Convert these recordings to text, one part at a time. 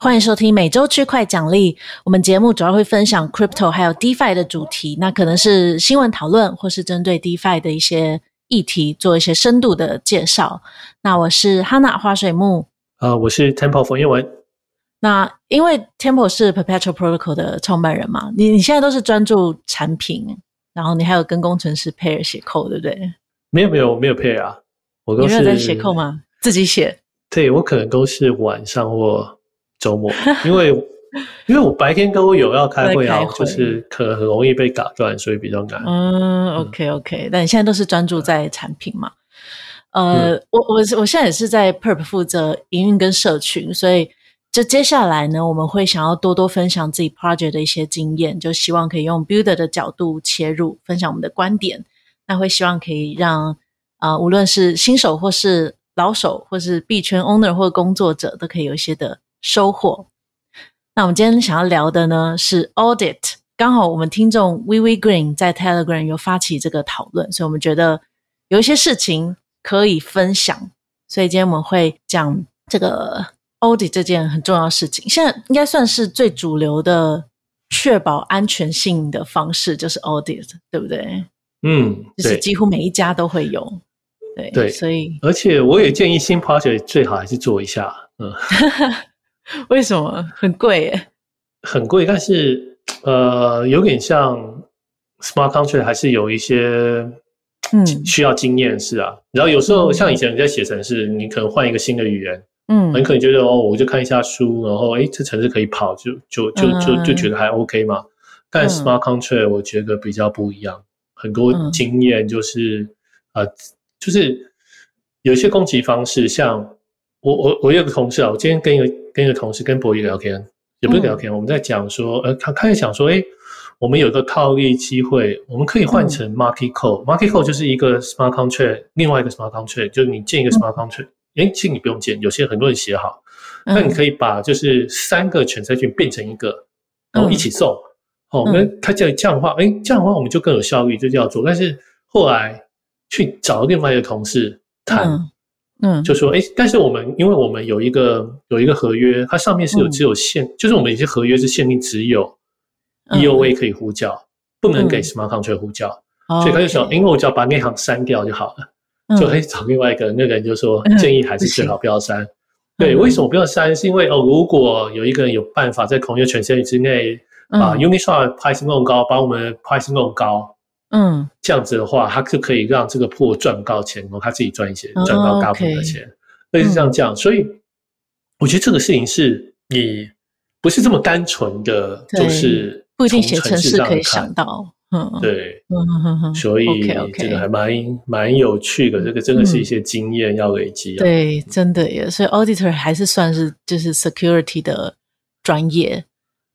歡迎收聽每周區塊獎勵。我們節目主要會分享 crypto 還有 DeFi 的主題，那可能是新聞討論，或是針對 DeFi 的一些議題做一些深度的介紹。那我是哈娜花水木，呃、啊，我是 Temple 馮彥文。那因為 Temple 是 Perpetual Protocol 的創辦人嘛，你你現在都是專注產品，然後你還有跟工程師 pair 寫 code 對不對？沒有沒有沒有 pair 啊，我都是，你沒有在寫 code 嗎？自己寫？對，我可能都是晚上或。周末，因為 因為我白天都有要開會啊，會就是可能很容易被打斷，所以比較難。嗯，嗯，OK OK，那你現在都是專注在產品嘛？呃，嗯、我我我現在也是在 Perp 負責營運跟社群，所以就接下來呢，我們會想要多多分享自己 project 的一些經驗，就希望可以用 Builder 的角度切入，分享我們的觀點。那會希望可以讓啊、呃，無論是新手或是老手，或是幣圈 Owner 或工作者，都可以有一些的收穫。那我們今天想要聊的呢，是 audit。剛好我們聽眾 wiwi green 在 Telegram 有發起這個討論，所以我們覺得有一些事情可以分享，所以今天我們會講這個 audit 這件很重要的事情。現在應該算是最主流的確保安全性的方式，就是 audit，對不對？嗯，就是幾乎每一家都會有。對對，所以而且我也建議新 project 最好還是做一下，嗯。 為什麼很貴？耶？很貴，但是呃，有點像 smart contract 還是有一些嗯需要經驗，是啊。然後有時候、嗯、像以前你在寫程式，你可能換一個新的語言，嗯，很可能覺得哦，我就看一下書，然後哎、欸，這程式可以跑，就就就就就覺得還 OK 嘛。嗯、但 smart contract 我覺得比較不一樣，很多經驗就是啊、嗯呃，就是有些攻擊方式，像。我我我有個同事啊，我今天跟一個跟一個同事跟博宇聊天，也不是聊天，嗯、我們在講說，呃，他開始想說，誒，我們有一個套利機會，我們可以換成 market code，嗯、market code 就是一個 smart contract，另外一個 smart contract 就是你建一個 smart contract，嗯、誒，其實你不用建，有些很多人寫好，那，嗯、你可以把就是三個權證群變成一個，然後一起送，嗯、哦，我們，嗯、他講這樣的話，誒，這樣的話我們就更有效率，就這樣做。但是後來去找另外一個同事談。嗯，就說哎，但是我們因為我們有一個有一個合約，它上面是有只有限，嗯、就是我們一些合約是限定只有 EOA 可以呼叫，不能給 smart contract 呼叫，嗯、所以他就說，因為我只要把那行刪掉就好了，嗯、就可以找另外一個那個人，就說建議還是最好不要刪。嗯、對，為什麼不要刪？嗯、是因為哦，如果有一個人有辦法在合約權限之內、嗯、把 Uniswap、um、price 弄高，把我們 price 弄高。嗯，這樣子的話，他就可以讓這個破賺高錢哦，然後他自己賺一些賺高大部分的錢，哦、okay, 類似像這樣這所以、嗯、我覺得這個事情是你不是這麼單純的，對就是程式上不一定從城市可以想到，嗯，對，嗯嗯嗯嗯、所以 okay, okay, 這個還蠻蠻有趣的，這個真的是一些經驗要累積、啊嗯，對，真的耶，所以 auditor 還是算是就是 security 的專業。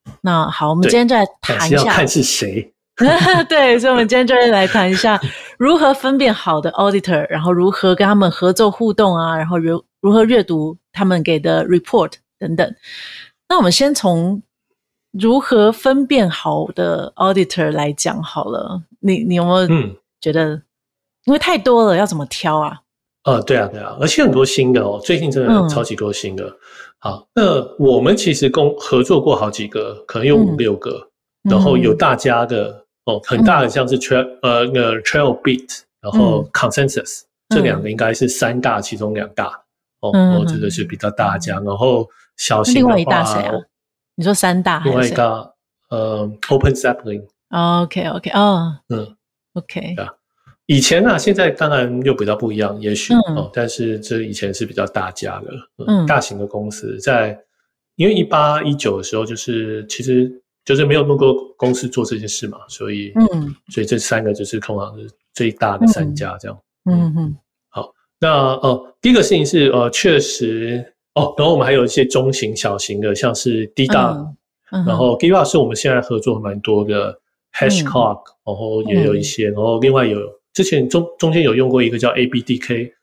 嗯、那好，我們今天再來談一下，看是誰？ 對，所以我們今天就是來談一下如何分辨好的 auditor，然後如何跟他們合作互動啊，然後如如何閱讀他們給的 report 等等。那我們先從如何分辨好的 auditor 來講好了。你你有沒有嗯覺得？嗯、因為太多了，要怎麼挑啊？啊、呃，對啊，對啊，而且很多新的哦，最近真的超級多新的。嗯、好，那我們其實共合作過好幾個，可能有五六個，嗯、然後有大家的、嗯。哦，很大很像是 trail 呃，那個 trail bit，然後 consensus 這兩個應該是三大其中兩大哦，我覺得是比較大家，然後小型的另外一大誰啊？你說三大還是？另外一大呃 OpenZeppelin OK OK，啊嗯，OK 啊。以前呢，現在當然又比較不一樣，也許哦，但是這以前是比較大家的，嗯，大型的公司在，因為一八一九的時候就是其實。就是沒有那麼多公司做這件事嘛，所以，嗯，所以這三個就是通常是最大的三家這樣，嗯嗯，嗯好，那呃、哦，第一個事情是呃，確實哦，然後我們還有一些中型、小型的，像是 D 大，D ow, 嗯、然後 D 大是我們現在合作蠻多的、嗯、，Hashcock，然後也有一些，嗯、然後另外有之前中中間有用過一個叫 ABDK。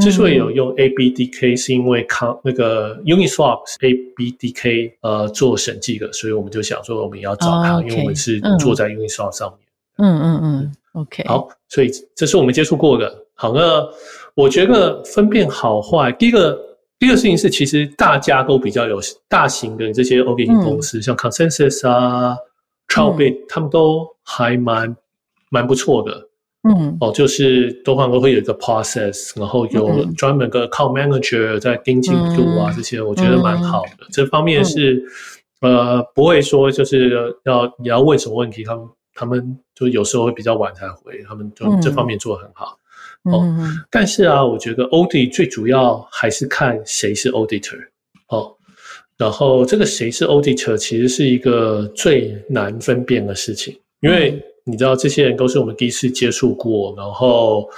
之所以有用 ABDK，是因為康那個 Uniswap 是 ABDK 呃做審計的，所以我們就想說，我們要找他，啊、因為我們是坐在 Uniswap 上面。嗯嗯嗯，嗯，OK。好，所以這是我們接觸過的。好，那我覺得分辨好壞，第一個第一個事情是，其實大家都比較有大型的這些 OEC、OK、公司，嗯、像 Consensus 啊、嗯、Trail of Bits，他們都還蠻蠻不錯的。嗯，mm hmm. 哦，就是都可能會有一個 process，然後有專門個 call manager 在盯進度啊，Okay. 這些我覺得蠻好的。Mm hmm. 這方面是，呃，不會說就是要你要問什麼問題，他們他們就有時候會比較晚才回，他們就這方面做得很好。Mm hmm. 哦，但是啊，我覺得 audit 最主要還是看誰是 auditor 哦，然後這個誰是 auditor 其實是一個最難分辨的事情，因為、mm。Hmm. 你知道這些人都是我們第一次接觸過，然後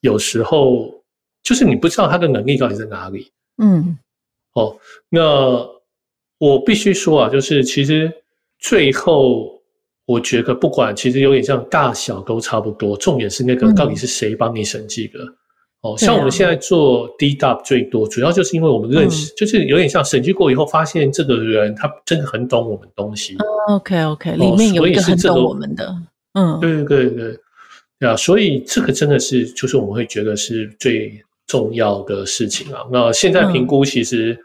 有時候就是你不知道他的能力到底在哪裡。嗯，哦，那我必須說啊，就是其實最後我覺得不管，其實有點像大小都差不多，重點是那個到底是誰幫你審計的。嗯、哦，像我們現在做 DW 最多，啊、主要就是因為我們認識，嗯、就是有點像審計過以後發現這個人他真的很懂我們東西。嗯、OK OK，、哦、裡面有一個很懂我們的。嗯，對對對對，啊、yeah,，所以這個真的是就是我們會覺得是最重要的事情啊。那現在評估其實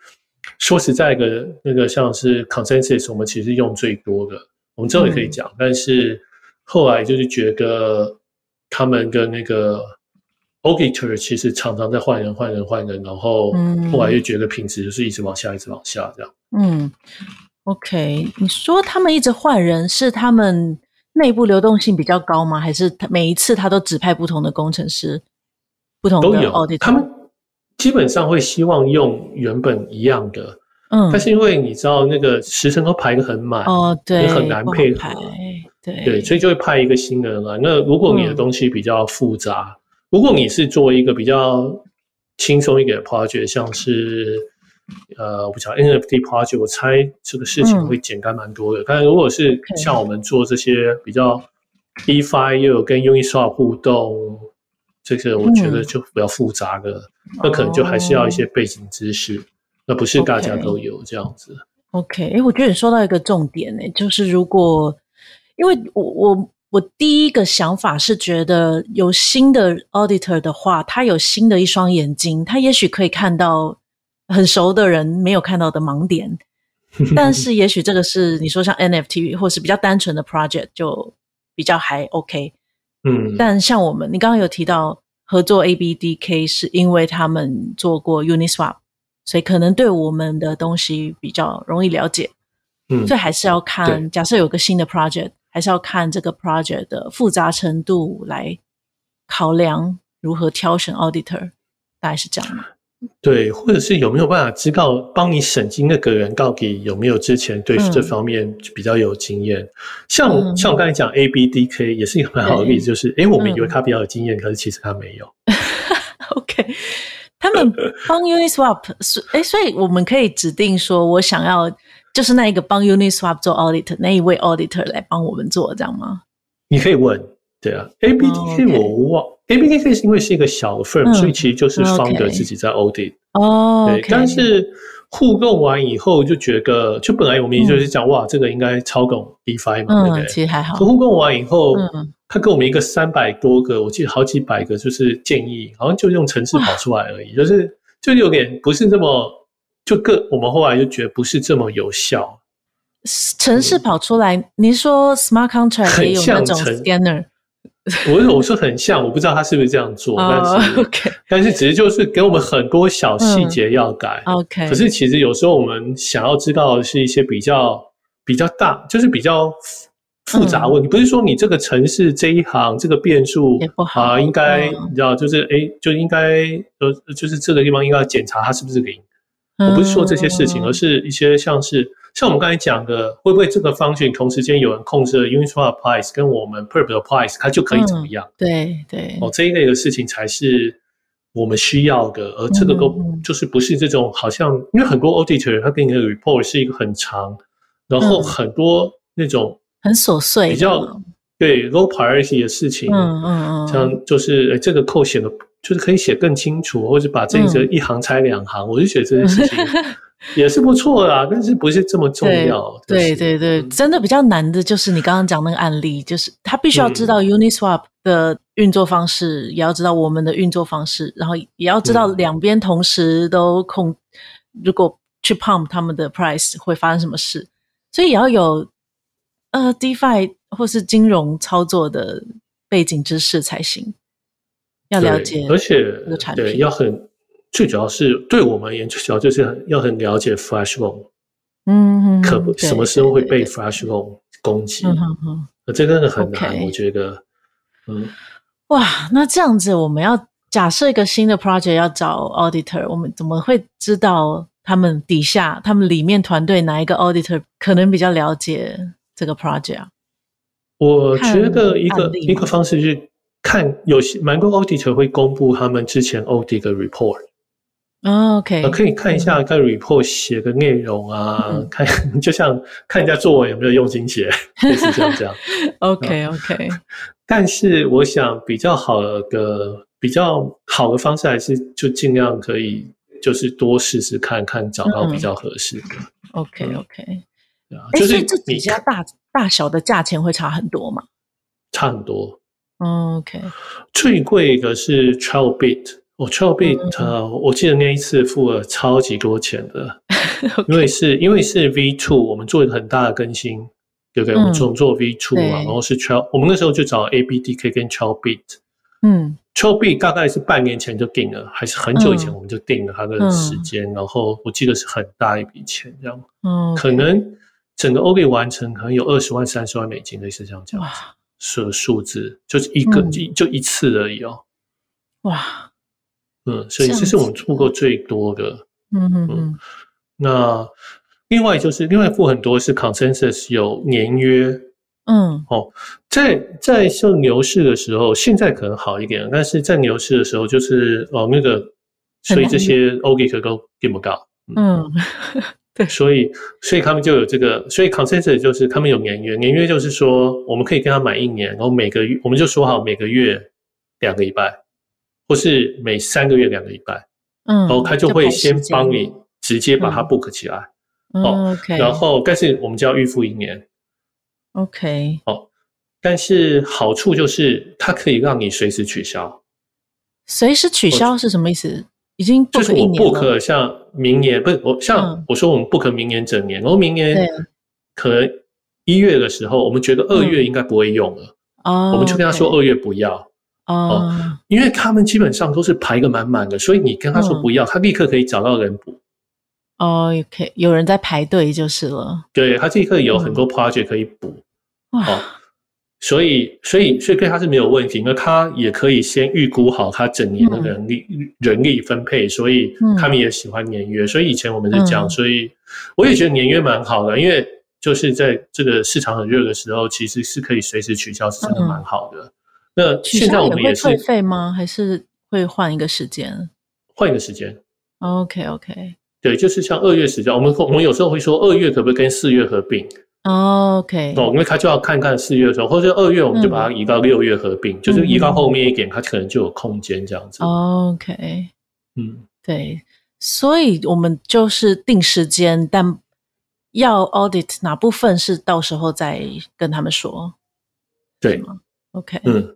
說實在的，那個像是 consensus，我們其實用最多的，我們之後也可以講。嗯、但是後來就是覺得他們跟那個 auditor 其實常常在換人換人換人，然後後來又覺得品質就是一直往下一直往下這樣。嗯，OK，你說他們一直換人是他們。內部流動性比較高嗎？還是他每一次他都指派不同的工程師？不同的都有。他們基本上會希望用原本一樣的，嗯，但是因為你知道那個時程都排得很滿哦，對，也很難配合，對，對，所以就會派一個新的人來。那如果你的東西比較複雜，嗯，如果你是做一個比較輕鬆一點的挖掘，像是。呃，我不知道 NFT project，我猜這個事情會簡單蠻多的。嗯、但是如果是像我們做這些比較 DeFi Okay. 又有跟 Uniswap 互動，這個我覺得就比較複雜的，嗯、那可能就還是要一些背景知識，那、oh. 不是大家都有 Okay. 這樣子。OK，哎，我覺得你說到一個重點呢，就是如果因為我我我第一個想法是覺得有新的 auditor 的話，他有新的一雙眼睛，他也許可以看到。很熟的人沒有看到的盲點，但是也許這個是你說像 NFT 或是比較單純的 project 就比較還 OK，嗯。但像我們，你剛剛有提到合作 ABDK 是因為他們做過 Uniswap，所以可能對我們的東西比較容易了解，嗯。所以還是要看，對假設有個新的 project，還是要看這個 project 的複雜程度來考量如何挑選 auditor，大概是這樣嗎？對，或者是有沒有辦法知道幫你審計那個人到底有沒有之前對付這方面比較有經驗、嗯？像像我剛才講 A B D K 也是一個蠻好的例子，對就是哎、欸，我們以為他比較有經驗，可、嗯、是其實他沒有。 OK，他們幫 Uniswap 是、 欸、所以我們可以指定說，我想要就是那一個幫 Uniswap 做 Audit 那一位 Auditor 來幫我們做，這樣嗎？你可以問，對啊、嗯、，A B D K 我忘。哦 okay. A B K Face 因為是一個小的 firm，所以其實就是 founder 自己在 audit。哦，對。但是互購完以後就覺得，就本來我們就是講哇，這個應該超懂 DeFi 嘛，對不對？其實還好。互購完以後，他給我們一個三百多個，我記得好幾百個，就是建議，好像就用程式跑出來而已，就是就有點不是這麼就個。我們後來就覺得不是這麼有效。程式跑出來，你說 Smart Contract 也有那種 Scanner？ 我是，我是很像，我不知道他是不是這樣做，但是，但是只是就是給我們很多小細節要改。Oh, OK，可是其實有時候我們想要知道的是一些比較比較大，就是比較複雜問題，oh, okay. 不是說你這個程式這一行這個變數啊，oh, okay. 呃，應該你知道，就是哎，就應該呃，就是這個地方應該要檢查它是不是零。Oh. 我不是說這些事情，而是一些像是。像我們剛才講的，會不會這個方式同時間有人控制了 unit price 跟我們 perpetual price，它就可以怎麼樣？對、嗯、對，對哦，這一類的事情才是我們需要的，而這個都就是不是這種、嗯、好像，因為很多 auditor 他給你的 report 是一個很長，然後很多那種、嗯、很瑣碎，比較對 low priority 的事情，嗯嗯嗯，嗯嗯像就是這個扣寫的，就是可以寫更清楚，或者把這一則一行拆兩行，嗯、我就覺得這件事情。 也是不錯啦、啊，但是不是這麼重要？對是對對，對，真的比較難的，就是你剛剛講那個案例，就是他必須要知道 Uniswap 的運作方式，嗯、也要知道我們的運作方式，然後也要知道兩邊同時都控，嗯、如果去 pump 他們的 price 會發生什麼事，所以也要有呃 DeFi 或是金融操作的背景知識才行，要了解那產品，而且對要很。最主要是對我們而言，最主要就是要很了解 flash loan，嗯哼，可不，對什麼時候會被 flash loan 攻擊？對對對對嗯嗯，這個很難，Okay. 我覺得，嗯，哇，那這樣子，我們要假設一個新的 project 要找 auditor，我們怎麼會知道他們底下他們裡面團隊哪一個 auditor 可能比較了解這個 project？、啊、我覺得一個一個方式是看，有些蠻多 auditor 會公布他們之前 audit 的 report。Oh, OK，okay. 可以看一下看 report 寫的內容啊，嗯、看就像看一下作文有沒有用心寫，類似 這樣。 OK，OK Okay, okay.、嗯。但是我想比較好的比較好的方式還是就盡量可以就是多試試看看，找到比較合適的。OK，OK。就是所以這幾家大大小的價錢會差很多嗎？差很多。Oh, OK。最貴的是一個是 Trail of Bits 我 Chilbit 我記得那一次付了超級多錢的，因為是因為是 V two，我們做很大的更新，對不對？我們做 V two 啊，然後是 Chil，我們那時候就找 ABDK 跟 Chilbit 嗯 Chilbit 大概是半年前就定了，還是很久以前我們就定了它的時間，然後我記得是很大一筆錢，這樣，嗯，可能整個 OK 完成可能有二十萬三十萬美金，類似像這樣子，哇，數字，就是一個就一次而已哦，哇。嗯，所以這是我們付過最多的。嗯嗯嗯。嗯嗯，那另外就是另外付很多是 consensus 有年約。嗯。哦，在在受牛市的時候，現在可能好一點，但是在牛市的時候，就是哦那個，所以這些 audit 都給不到。嗯。對、嗯。 所以所以他們就有這個，所以 consensus 就是他們有年約，年約就是說我們可以跟他買一年，然後每個月我們就說好每個月兩個禮拜。不是每三個月兩個禮拜，嗯，哦，他就會先幫你直接把它 book 起來，哦、嗯，嗯、okay, 然後但是我們就要預付一年，OK，哦，但是好處就是它可以讓你隨時取消，隨時取消是什麼意思？哦、已經就是我 book 像明年不是，我像我說我們 book 明年整年，嗯、然後明年可能一月的時候，我們覺得二月應該不會用了，嗯、哦，我們就跟他說二月不要。Okay. 哦，因為他們基本上都是排個滿滿的，所以你跟他說不要，嗯、他立刻可以找到人補。哦，OK，有人在排隊就是了。對，他這一刻有很多 project 可以補。嗯、哦哇所以，所以所以所以他是沒有問題，那他也可以先預估好他整年的人力、嗯、人力分配，所以他們也喜歡年約。所以以前我們是這樣，嗯、所以我也覺得年約蠻好的，嗯、因為就是在這個市場很熱的時候，其實是可以隨時取消，是真的蠻好的。嗯那現在我們也是退費嗎？還是會換一個時間？換一個時間。OK OK。對，就是像二月時間，我們我們有時候會說二月可不可以跟四月合併？OK。哦，因為他就要看看四月的時候，或者二月，我們就把它移到六月合併，就是移到後面一點，它可能就有空間這樣子。OK。嗯，對，所以我們就是定時間，但要 audit 哪部分是到時候再跟他們說，對嗎？OK。嗯。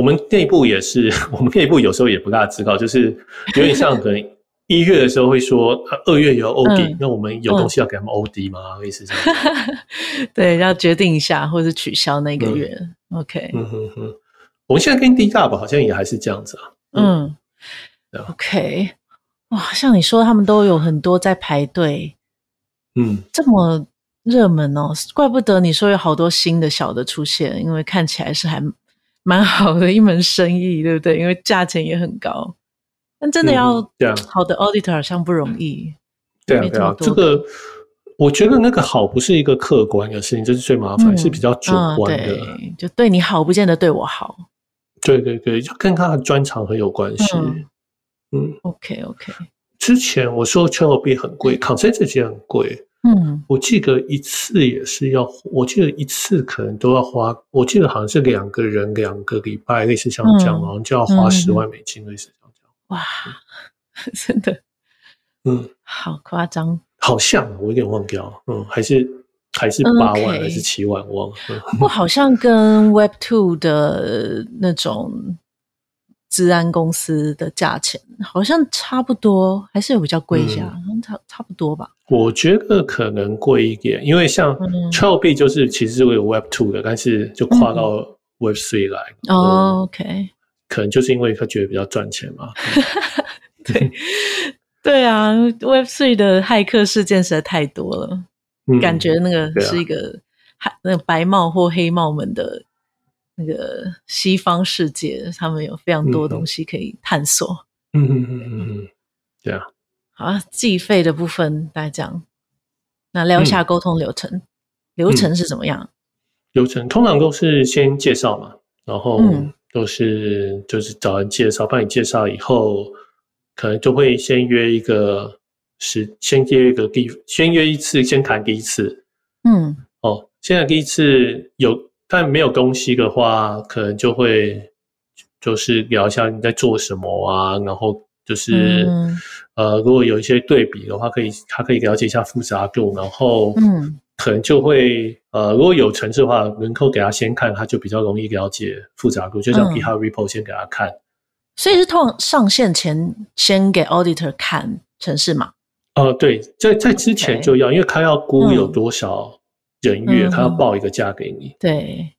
我們內部也是，我們內部有時候也不大知道，就是有點像可能一月的時候會說 他二月有 OD，、嗯、那我們有東西要給他們 OD 嗎？嗯、意思是。 對，要決定一下或者取消那個月。嗯、OK，、嗯、哼哼我們現在跟 D 大吧，好像也還是這樣子啊。嗯，嗯吧，OK，哇，像你說，他們都有很多在排隊，嗯，這麼熱門哦，怪不得你說有好多新的小的出現，因為看起來是還。蠻好的一門生意，對不對？因為價錢也很高，但真的要好的 auditor 好像不容易。嗯、對啊，這，這個我覺得那個好不是一個客觀的事情，嗯、這是最麻煩，嗯、是比較主觀的。嗯嗯、對就對你好，不見得對我好。對對對，就跟他的專長很有關係。嗯，嗯，OK OK。之前我說 crypto 很貴，consensus 很貴。嗯嗯，我記得一次也是要，我記得一次可能都要花，我記得好像是兩個人兩個禮拜，嗯、類似像這樣講，好像就要花十萬美金，嗯、類似這樣講。哇，對真的，嗯，好誇張。好像我有點忘掉了，嗯，還是還是八萬 Okay. 還是七萬忘了。不、嗯、好像跟 Web Two 的那種。資安公司的價錢好像差不多，還是有比較貴一些，差、嗯、差不多吧。我覺得可能貴一點，因為像 c h l l b e 就是其實是有 Web Two 的，但是就跨到 Web Three 來。哦，OK，可能就是因為他覺得比較賺錢嘛。嗯、 對，對啊，Web Three 的駭客事件實在太多了，嗯、感覺那個是一個還、啊、那個白帽或黑帽們的。那個西方世界，他們有非常多東西可以探索。嗯嗯嗯嗯嗯，對、嗯、啊。嗯嗯嗯嗯、好，計費的部分大概這樣。那聊一下溝通流程，嗯、流程是怎麼樣？流程通常都是先介紹嘛，然後都是、嗯、就是找人介紹，幫你介紹以後，可能就會先約一個，時，先約一個地，先約一次，先談第一次。嗯，哦，先談第一次有。但沒有東西的話，可能就會就是聊一下你在做什麼啊，然後就是、嗯、呃，如果有一些對比的話，可以他可以了解一下複雜度，然後嗯，可能就會呃，如果有程式的話，能夠給他先看，他就比較容易了解複雜度，就像 GitHub Repo 先給他看。嗯、所以是通常上線前先給 Auditor 看程式嘛？呃，對，在在之前就要，Okay 因為他要估有多少。嗯人月，嗯、他要報一個價給你。對，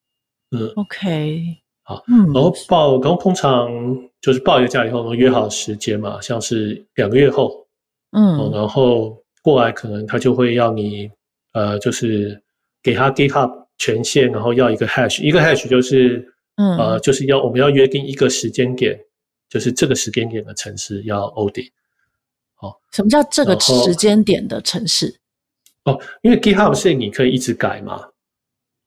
嗯，OK，好，嗯，然後報，然後通常就是報一個價以後，我們、嗯、約好時間嘛，像是兩個月後，嗯，然後過來，可能他就會要你，呃，就是給他 GitHub 權限，然後要一個 hash，一個 hash 就是，嗯，呃，就是要我們要約定一個時間點，就是這個時間點的程式要 audit，好，什麼叫這個時間點的程式？哦，因為 GitHub 是你可以一直改嘛，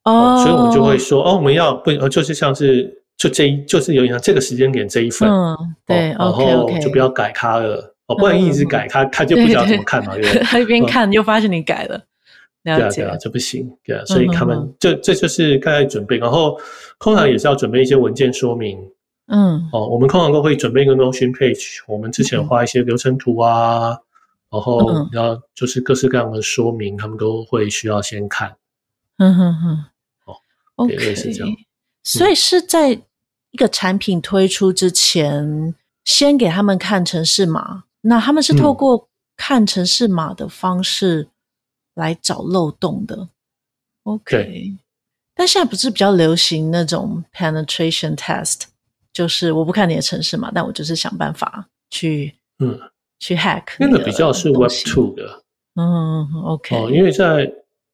哦，所以我們就會說，哦，我們要不，就是像是就這一，就是有點像這個時間點這一份，嗯，對，然後就不要改它了，哦，不然一直改它，它就不知道怎麼看嘛，他一邊看又發現你改了，對啊，對啊，這不行，對啊，所以他們這這就是在準備，然後通常也是要準備一些文件說明，嗯，哦，我們通常都會準備一個 notion page，我們之前畫一些流程圖啊。然後要就是各式各樣的說明，嗯、哼他們都會需要先看。嗯哼哼，哦，OK，對，是這樣。所以是在一個產品推出之前，嗯、先給他們看程式碼。那他們是透過看程式碼的方式來找漏洞的。OK，但現在不是比較流行那種 penetration test，就是我不看你的程式碼，但我就是想辦法去嗯。去 hack 那，那個比較是 web two 的，嗯，OK，、哦、因為在、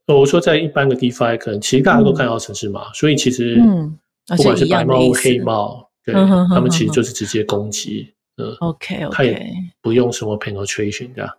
哦，我說在一般的 DeFi 可能其實大家都看到城市嘛，嗯、所以其實，嗯，不管是白帽或、嗯、黑帽。對，嗯、哼哼哼哼他們其實就是直接攻擊，嗯，嗯，OK，OK，、okay, okay 他也不用什麼 penetration 這樣。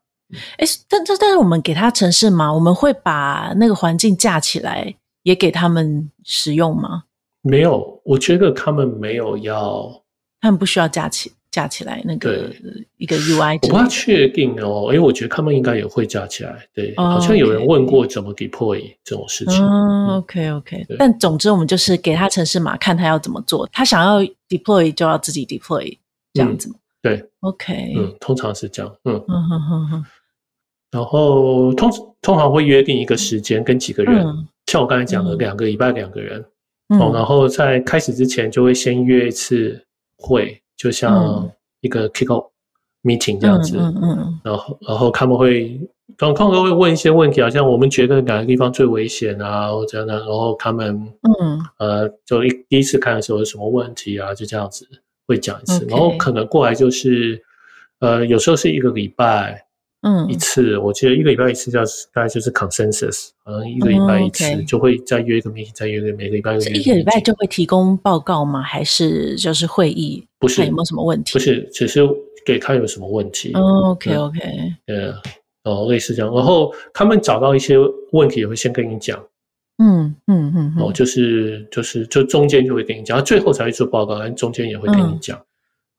欸、但但是我們給他城市嘛，我們會把那個環境架起來，也給他們使用嗎？沒有，我覺得他們沒有要，他們不需要架起。架起來那個一個 UI 我不太確定哦，因為我覺得他們應該也會架起來。對，好像有人問過怎麼 deploy 這種事情。嗯，OK OK，但總之我們就是給他程式碼，看他要怎麼做。他想要 deploy 就要自己 deploy 這樣子，對，OK，嗯，通常是這樣。嗯嗯嗯嗯。然後通通常會約定一個時間跟幾個人，像我剛才講的兩個禮拜兩個人。哦，然後在開始之前就會先約一次會。就像一個 kick off meeting、嗯、這樣子，嗯嗯、然後然後他們會管都會問一些問題，好像我們覺得哪個地方最危險啊，或者那，然後他們嗯呃就一第一次看的時候有什麼問題啊，就這樣子會講一次，嗯、然後可能過來就是、嗯、呃有時候是一個禮拜嗯一次，嗯、我覺得一個禮拜一次這樣子，大概就是，是 consensus，好像一個禮拜一次、嗯 okay、就會再約一個 meeting，再約一個，每個禮拜約一個。一個禮拜就會提供報告嗎？還是就是會議？不是看有沒有什麼問題，不是只是給他有什麼問題。Oh, OK OK，呃、嗯，哦，類似這樣。然後他們找到一些問題也會先跟你講。嗯嗯嗯，嗯嗯哦，就是就是就中間就會跟你講，他最後才會做報告，中間也會跟你講。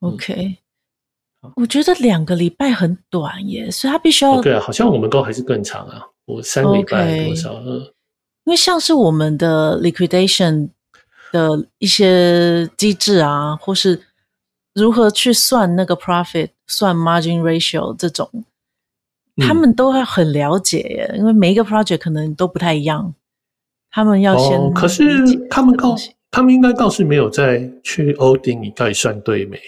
OK，我覺得兩個禮拜很短耶，所以他必須要、oh, 對啊，好像我們都還是更長啊，我三個禮拜多少？呃 Okay.、嗯，因為像是我們的 liquidation 的一些機制啊，或是如何去算那個 profit、算 margin ratio 這種，他們都會很了解耶，嗯、因為每一個 project 可能都不太一樣，他們要先、哦。可是他們告，他們應該倒是沒有在去 audit，你到底算對沒？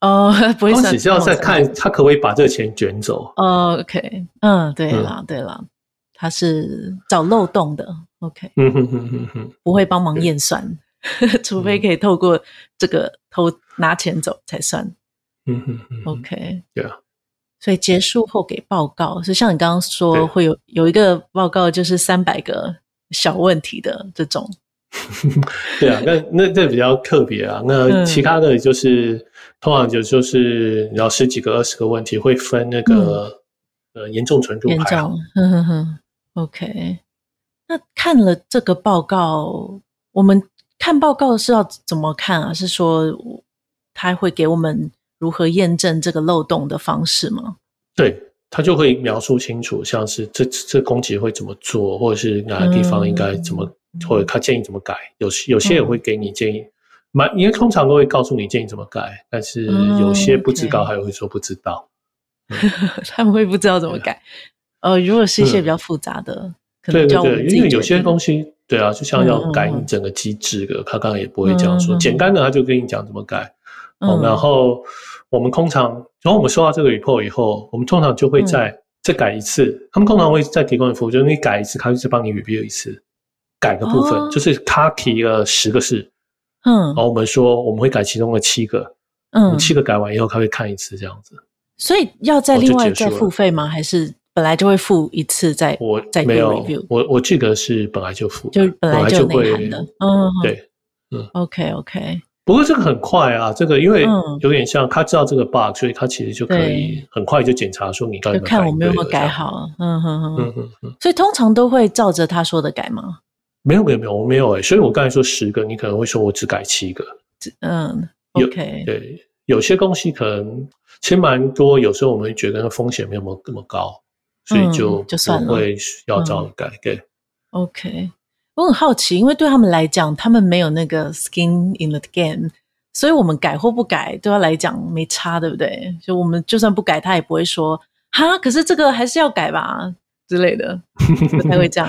哦，不會算，他只是要再看他可不可以把這個錢捲走。哦、OK，嗯，對啦，嗯、對啦，他是找漏洞的。OK，、嗯、哼哼哼哼不會幫忙驗算，對 除非可以透過這個、嗯、偷。拿錢走才算，嗯哼，嗯哼，OK，對啊，所以結束後給報告，所以像你剛剛說 Yeah. 會有有一個報告，就是三百個小問題的這種， 對啊， 那那這比較特別啊，那其他的就是、嗯、通常就就是十幾個二十、嗯、個問題會分那個、嗯、呃嚴重程度嚴重 ，OK，那看了這個報告，我們看報告是要怎麼看啊？是說。他會給我們如何驗證這個漏洞的方式嗎？對，他就會描述清楚，像是這這攻擊會怎麼做，或者是哪個地方應該怎麼，嗯、或者他建議怎麼改。有有些也會給你建議，嗯、蠻因為通常都會告訴你建議怎麼改，但是有些不知道，還、嗯 okay、會說不知道，嗯、 他們會不知道怎麼改。嗯、呃，如果是一些比較複雜的，嗯、可能對，對，對，因為有些東西，對啊，就像要改你整個機制的，嗯、他剛剛也不會這樣說。嗯、簡單的，他就跟你講怎麼改。然後我們通常，然後我們收到這個 report 以後，我們通常就會再再改一次。他們通常會再提供服務，就是你改一次，他就再幫你 review 一次，改的部分就是他提了十個字，嗯，然後我們說我們會改其中的七個，嗯，七個改完以後他會看一次這樣子。所以要再另外再付費嗎？還是本來就會付一次再再 review？沒有，我我這個是本來就付，就本來就會嗯，對，嗯，OK OK。不過這個很快啊，這個因為有點像他知道這個 bug，、嗯、所以他其實就可以很快就檢查說你剛才改了。就、嗯、看我們有沒有改好，樣嗯哼哼哼哼哼。嗯嗯、所以通常都會照着他說的改嗎？沒有沒有沒有，我沒有、欸、所以我剛才說十個，你可能會說我只改七個。嗯，OK。對，有些東西可能其實蠻多，有時候我們會覺得風險沒有那麼那麼高，所以就、嗯、就算了會要照著改。對、嗯、給，OK。我很好奇，因為對他們來講，他們沒有那個 skin in the game，所以我們改或不改，對他來講沒差，對不對？就我們就算不改，他也不會說“哈，可是這個還是要改吧”之類的，不太會這樣。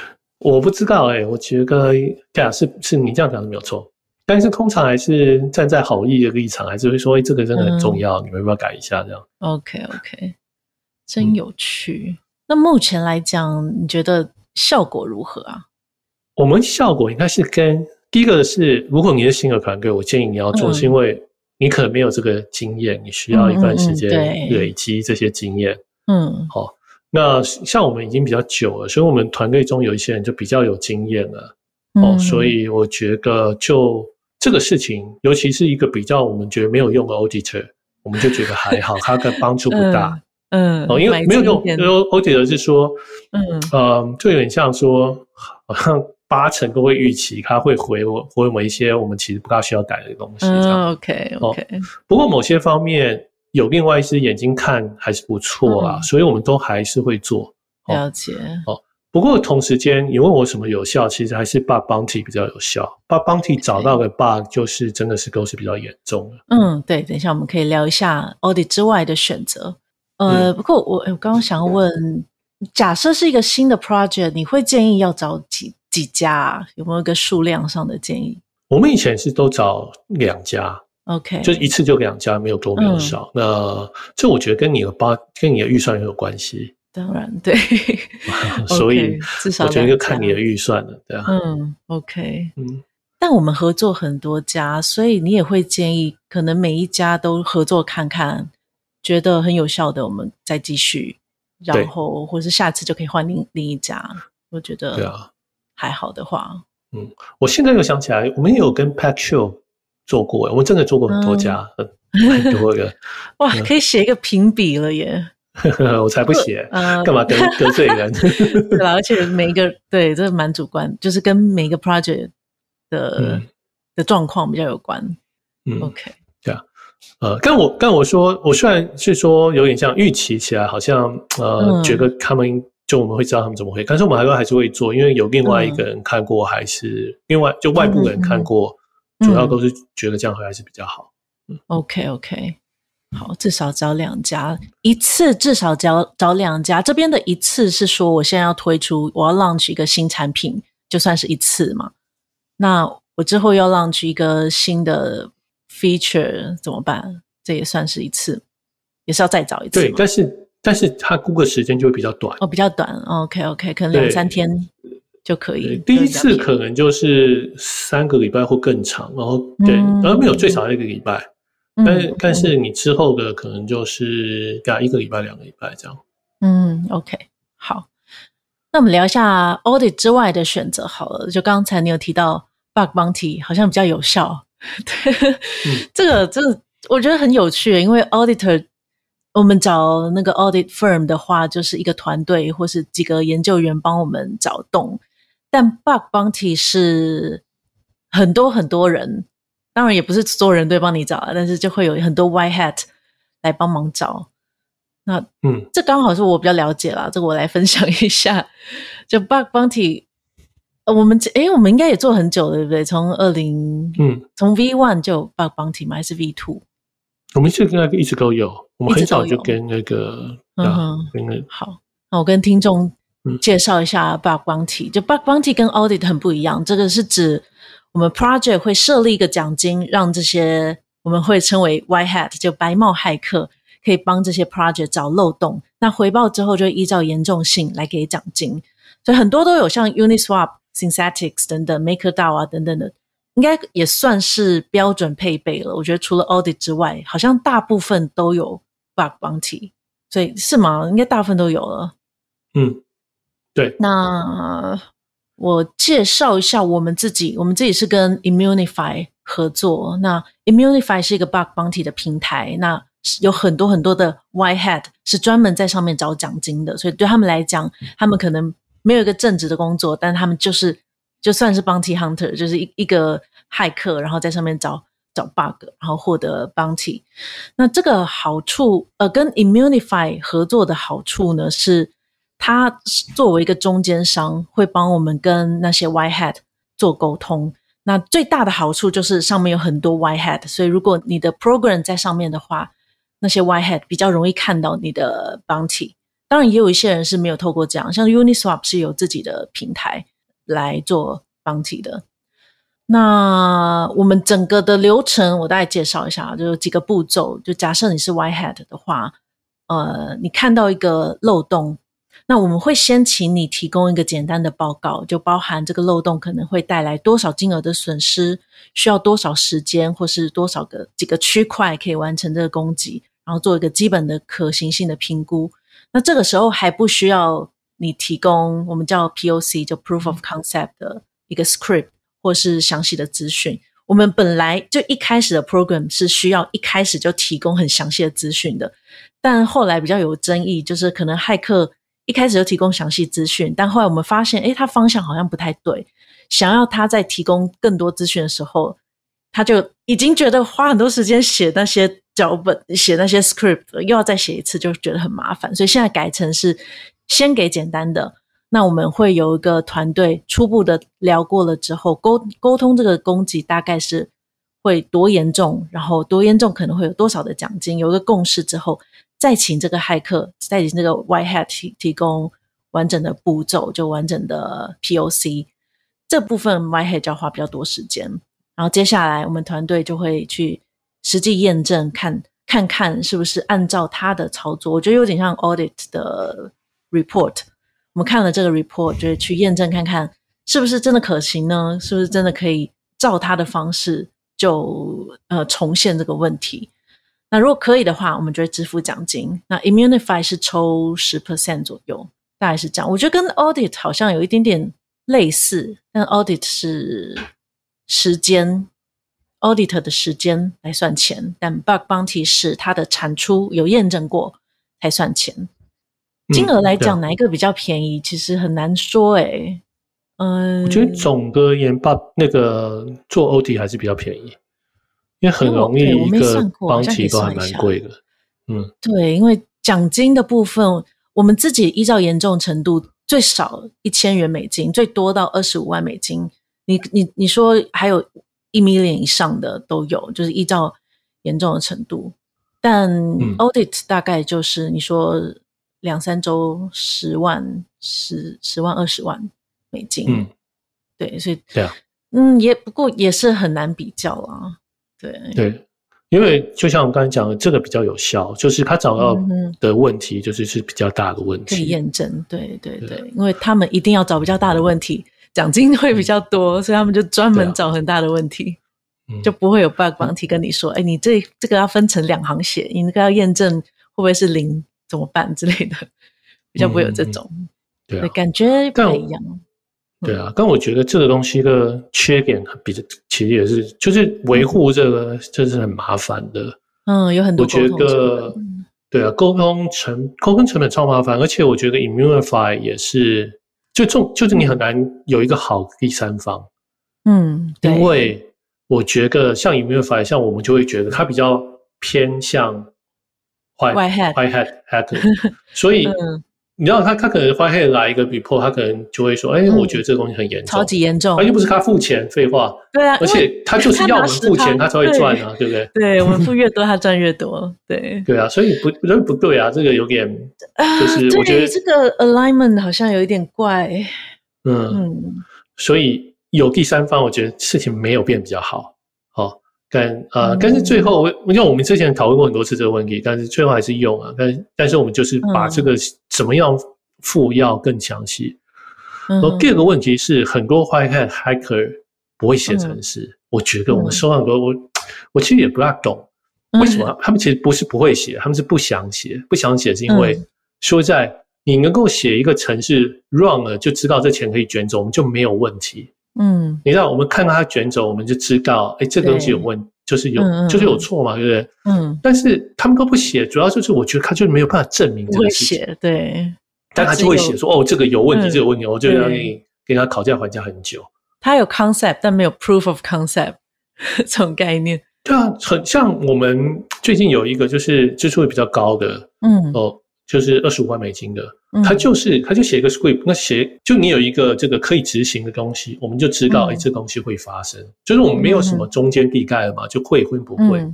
我不知道哎、欸，我覺得對啊，是是你這樣講的沒有錯，但是通常還是站在好意的立場，還是會說“哎、欸，這個真的很重要，嗯、你們要不要改一下？”這樣。OK OK，真有趣。嗯、那目前來講，你覺得效果如何啊？我們效果應該是跟第一個是，如果你是新的團隊，我建議你要做，是、嗯、因為你可能沒有這個經驗，你需要一段時間累積這些經驗。嗯，好、嗯哦，那像我們已經比較久了，所以我們團隊中有一些人就比較有經驗了。哦，嗯、所以我覺得就這個事情，尤其是一個比較我們覺得沒有用的 auditor，我們就覺得還好，它的 幫助不大。嗯，哦、嗯，因為沒有用，因為、嗯、auditor 是說，嗯、呃，就有點像說好像。哈哈八成都會預期，他會回我回我們一些我們其實不大需要改的東西。OK OK。不過某些方面有另外一隻眼睛看還是不錯啊，嗯、所以我們都還是會做。嗯哦、了解哦。不過同時間，你問我什麼有效，其實還是 Bug Bounty 比較有效。Bug okay, Bounty 找到的 Bug 就是真的是都是比較嚴重的。嗯，對。等一下我們可以聊一下 Audit 之外的選擇。呃，不過我我剛剛想要問，嗯、假設是一個新的 Project，你會建議要找幾？幾家、啊、有沒有一個數量上的建議？我們以前是都找兩家，OK，就一次就兩家，沒有多沒有少。嗯、那這我覺得跟你的八，跟你的預算也有關係。當然對， okay, 所以至少我覺得要看你的預算了，對啊。嗯，OK，嗯，okay 嗯，但我們合作很多家，所以你也會建議可能每一家都合作看看，覺得很有效的，我們再繼續，對然後或是下次就可以換另另一家。我覺得對啊。還好的話，嗯，我現在又想起來，我們也有跟 Pack Show 做過、欸，我們真的做過很多家，嗯、很多個， 哇，嗯、可以寫一個評比了耶！ 我才不寫，幹、嗯、嘛得， 得罪人？ 對而且每一個對，這蠻主觀，就是跟每一個 project 的、嗯、的狀況比較有關。嗯、OK，對啊，呃，但我但我說，我雖然是說有點像預期起來，好像呃，覺得他們。就我們會知道他們怎麼會，但是我們還都還是會做，因為有另外一個人看過，還是、嗯、另外就外部人看過，嗯、主要都是覺得這樣會還是比較好。嗯，OK OK，好，嗯、至少找兩家。一次至少找找兩家。這邊的一次是說，我現在要推出，我要 launch 一個新產品，就算是一次嘛。那我之後要 launch 一個新的 feature 怎麼辦？這也算是一次，也是要再找一次。對，但是。但是他估個時間就會比較短哦，比較短。OK，OK，OK, OK，可能兩三天對就可以。第一次可能就是三個禮拜或更長，然後、嗯、對，然後沒有最少一個禮拜，但是但是你之後的可能就是大概一個禮拜、兩個禮拜這樣。嗯，OK，好。那我們聊一下 audit 之外的選擇好了。就剛才你有提到 bug bounty 好像比較有效，對、 嗯， 這個這我覺得很有趣，因為 auditor。我們找那個 audit firm 的話，就是一個團隊或是幾個研究員幫我們找洞。但 bug bounty 是很多很多人，當然也不是只做人隊幫你找，但是就會有很多 white hat 來幫忙找。那嗯，這剛好是我比較了解啦，這個我來分享一下。就 bug bounty，呃，我們誒我們應該也做很久了，對不對？從二零嗯，從 V one 就有 bug bounty 嘛，還是 V two？我們現在一直都有。我們很早就、那個嗯啊、跟那個嗯，好，那我跟聽眾介紹一下 bug bounty，嗯、就 bug bounty 跟 audit 很不一樣。這個是指我們 project 會設立一個獎金，讓這些我們會稱為 white hat，就白帽駭客，可以幫這些 project 找漏洞。那回報之後就依照嚴重性來給獎金，所以很多都有像 Uniswap、Synthetics 等等 MakerDAO 啊等等的，應該也算是標準配備了。我覺得除了 audit 之外，好像大部分都有。bug bounty，所以是嗎？應該大部分都有了。嗯，對。那我介紹一下我們自己，我們自己是跟 Immunify 合作。那 Immunify 是一個 bug bounty 的平台，那有很多很多的 white hat 是專門在上面找獎金的。所以對他們來講，他們可能沒有一個正職的工作，但他們就是就算是 bounty hunter，就是一一個駭客，然後在上面找。找 bug，然後獲得 bounty。那這個好處，呃，跟 Immunefi 合作的好處呢，是它作為一個中間商，會幫我們跟那些 White Hat 做溝通。那最大的好處就是上面有很多 White Hat，所以如果你的 program 在上面的話，那些 White Hat 比較容易看到你的 bounty。當然，也有一些人是沒有透過這樣，像 Uniswap 是有自己的平台來做 bounty 的。那我們整個的流程我大概介紹一下，就是幾個步驟。就假設你是 White Hat 的話，呃，你看到一個漏洞，那我們會先請你提供一個簡單的報告，就包含這個漏洞可能會帶來多少金額的損失，需要多少時間，或是多少個幾個區塊可以完成這個攻擊，然後做一個基本的可行性的評估。那這個時候還不需要你提供，我們叫 POC，就 Proof of Concept 的一個 script。或是詳細的資訊，我們本來就一開始的 program 是需要一開始就提供很詳細的資訊的，但後來比較有爭議，就是可能駭客一開始就提供詳細資訊，但後來我們發現，誒，他方向好像不太對，想要他再提供更多資訊的時候，他就已經覺得花很多時間寫那些腳本，寫那些 script 又要再寫一次，就覺得很麻煩，所以現在改成是先給簡單的。那我們會有一個團隊初步的聊過了之後溝溝通這個攻擊大概是會多嚴重，然後多嚴重可能會有多少的獎金，有一個共識之後，再請這個駭客再請這個 White Hat 提提供完整的步驟，就完整的 POC 這部分 White Hat 就要花比較多時間，然後接下來我們團隊就會去實際驗證，看看看是不是按照他的操作，我覺得有點像 Audit 的 Report。我們看了這個 report，就是去驗證看看是不是真的可行呢？是不是真的可以照他的方式就呃重現這個問題？那如果可以的話，我們就會支付獎金。那 Immunify 是抽十 percent 左右，大概是這樣。我覺得跟 audit 好像有一點點類似，但 audit 是時間，auditor 的時間來算錢，但 Bug Bounty 是它的產出有驗證過才算錢。金額來講，哪一個比較便宜？其實很難說哎、欸。嗯，呃、我覺得總的研罷，那個做 audit 還是比較便宜，因為很容易一個幫體都還蠻貴的。嗯，對，因為獎金的部分，我們自己依照嚴重程度，最少一千元美金，最多到二十五萬美金。你你你說，還有一 million 以上的都有，就是依照嚴重的程度。但 audit 大概就是你說、嗯。兩三週十萬十十萬二十萬美金，嗯，對，所以對啊，這樣，嗯，也不過也是很難比較啊，對對，因為就像我們剛才講的，這個比較有效，就是他找到的問題就是是比較大的問題，可以、嗯、驗證，對對對，對對，因為他們一定要找比較大的問題，嗯、獎金會比較多，所以他們就專門找很大的問題，嗯、就不會有 bug 問題跟你說，哎、嗯欸，你這這個要分成兩行寫，你那個要驗證會不會是零。怎麼辦之類的，比較不會有這種、嗯、對、啊、對感覺不一樣。但嗯、對啊，但我覺得這個東西的缺點，比其實也是，就是維護這個這是很麻煩的。嗯，有很多我覺得對啊，溝通成溝通成本超麻煩，而且我覺得 Immunify 也是，就重就是你很難有一個好第三方。嗯，對。因為我覺得像 Immunify，像我們就會覺得它比較偏向。壞 hat，壞 hat hack，所以你知道他他可能壞 hat 來一個舉報，他可能就會說，哎，我覺得這個東西很嚴重，超級嚴重，而又不是他付錢，廢話，對啊，而且他就是要我們付錢，他才會賺啊，對不對？對我們付越多，他賺越多，對對啊，所以不，人不對啊，這個有點，就是我覺得這個 alignment 好像有一點怪，嗯，所以有第三方，我覺得事情沒有變比較好。但呃，但是最後我，像、mm hmm. 我們之前討論過很多次這個問題，但是最後還是用了，但是但是我們就是把這個怎麼樣付要更詳細。然後、mm hmm. 第二個問題是，很多 hacker 不會寫程式，mm hmm. 我覺得我們收很多，mm hmm. 我我其實也不大懂，為什麼、mm hmm. 他們其實不是不會寫，他們是不想寫，不想寫是因為說在你能夠寫一個程式 run 了，就知道這錢可以捲走，我們就沒有問題。嗯，你知道，我們看到他卷走，我們就知道，哎，這個東西有問題，就是有，就是有錯嘛，對不對？嗯，但是他們都不寫，主要就是我覺得他就沒有辦法證明這個事情，對，但他就會寫說，哦，這個有問題，這個問題，我就要跟你跟他討價還價很久。他有 concept，但沒有 proof of concept 這種概念。對啊，很像我們最近有一個就是支出會比較高的，嗯，哦。就是二十五萬美金的，他就是他就寫一個 script，那寫就你有一個這個可以執行的東西，我們就知道哎，這東西會發生。就是我們沒有什麼中間地帶了嘛，就會或不會？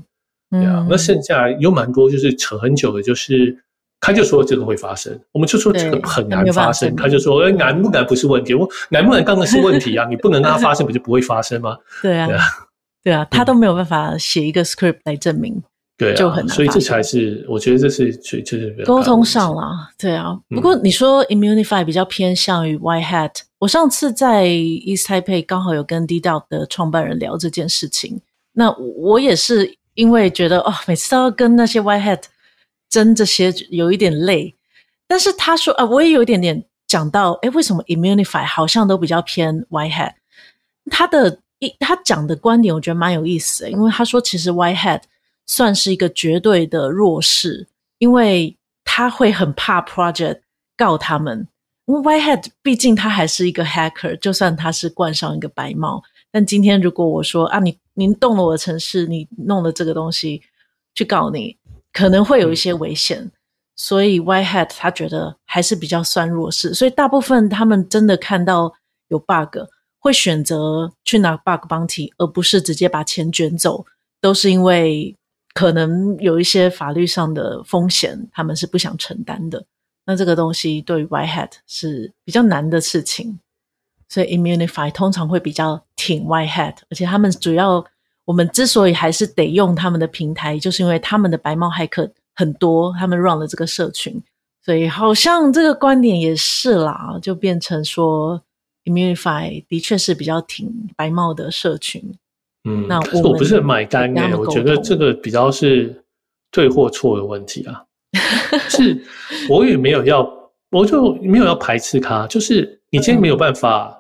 對啊，那剩下有蠻多就是扯很久的，就是他就說這個會發生，我們就說這個很難發生。他就說哎，難不難不是問題，我難不難當然是問題啊，你不能讓它發生，不就不會發生嗎？對啊，對啊，他都沒有辦法寫一個 script 來證明。對啊、就很難，所以這才是我覺得這是確就是溝通上了、啊，對啊。嗯、不過你說 Immunify 比較偏向於 White Hat，我上次在 East Taipei 剛好有跟低調的創辦人聊這件事情，那我也是因為覺得哦，每次都要跟那些 White Hat 爭這些有一點累，但是他說啊，我也有一點點講到，誒，為什麼 Immunify 好像都比較偏 White Hat？他的一他講的觀點我覺得蠻有意思，因為他說其實 White Hat。算是一個絕對的弱勢，因為他會很怕 project 告他們。因為 white hat 畢竟他還是一個 hacker 就算他是冠上一個白帽，但今天如果我說啊，你您動了我的城市，你弄了這個東西去告你，可能會有一些危險，嗯、所以 white hat 他覺得還是比較算弱勢，所以大部分他們真的看到有 bug，會選擇去拿 bug 幫 o 而不是直接把錢卷走，都是因為。可能有一些法律上的風險，他們是不想承擔的。那這個東西對於 White Hat 是比較難的事情，所以 Immunify 通常會比較挺 White Hat，而且他們主要我們之所以還是得用他們的平台，就是因為他們的白帽黑客很多，他們 run 了這個社群，所以好像這個觀點也是啦，就變成說 Immunify 的確是比較挺白帽的社群。嗯，可是我不是很買單耶，欸，的我覺得這個比較是對或錯的問題啊。 是，我也沒有要，我就沒有要排斥它。就是你今天沒有辦法，嗯，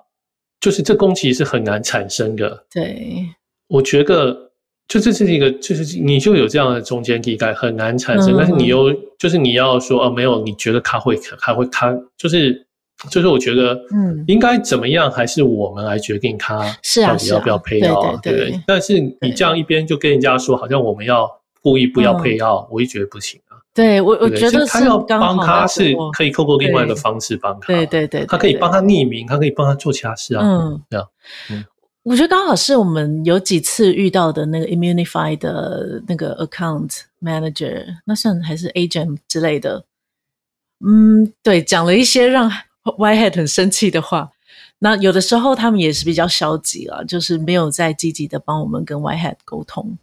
就是這攻擊是很難產生的。對，我覺得就是這是一個，就是你就有這樣的中間地帶很難產生，嗯，但是你又就是你要說啊，沒有，你覺得它會還會它就是。就是我覺得，嗯，應該怎麼樣還是我們來決定他到底要不要 pay out，啊啊啊，對。但是你這樣一邊就跟人家說，好像我們要故意不要 pay out，嗯，我也覺得不行啊。對，我對對我覺得是他要幫他是可以透過另外一個方式幫他，對對對，對對對，他可以幫他匿名，我他可以幫他做其他事啊。嗯，這樣。嗯，我覺得剛好是我們有幾次遇到的那個 Immunify 的那個 Account Manager，那算還是 Agent 之類的。嗯，對，講了一些讓。Whitehead 很生氣的話，那有的時候他們也是比較消極啊，就是沒有再積極的幫我們跟 Whitehead 溝通。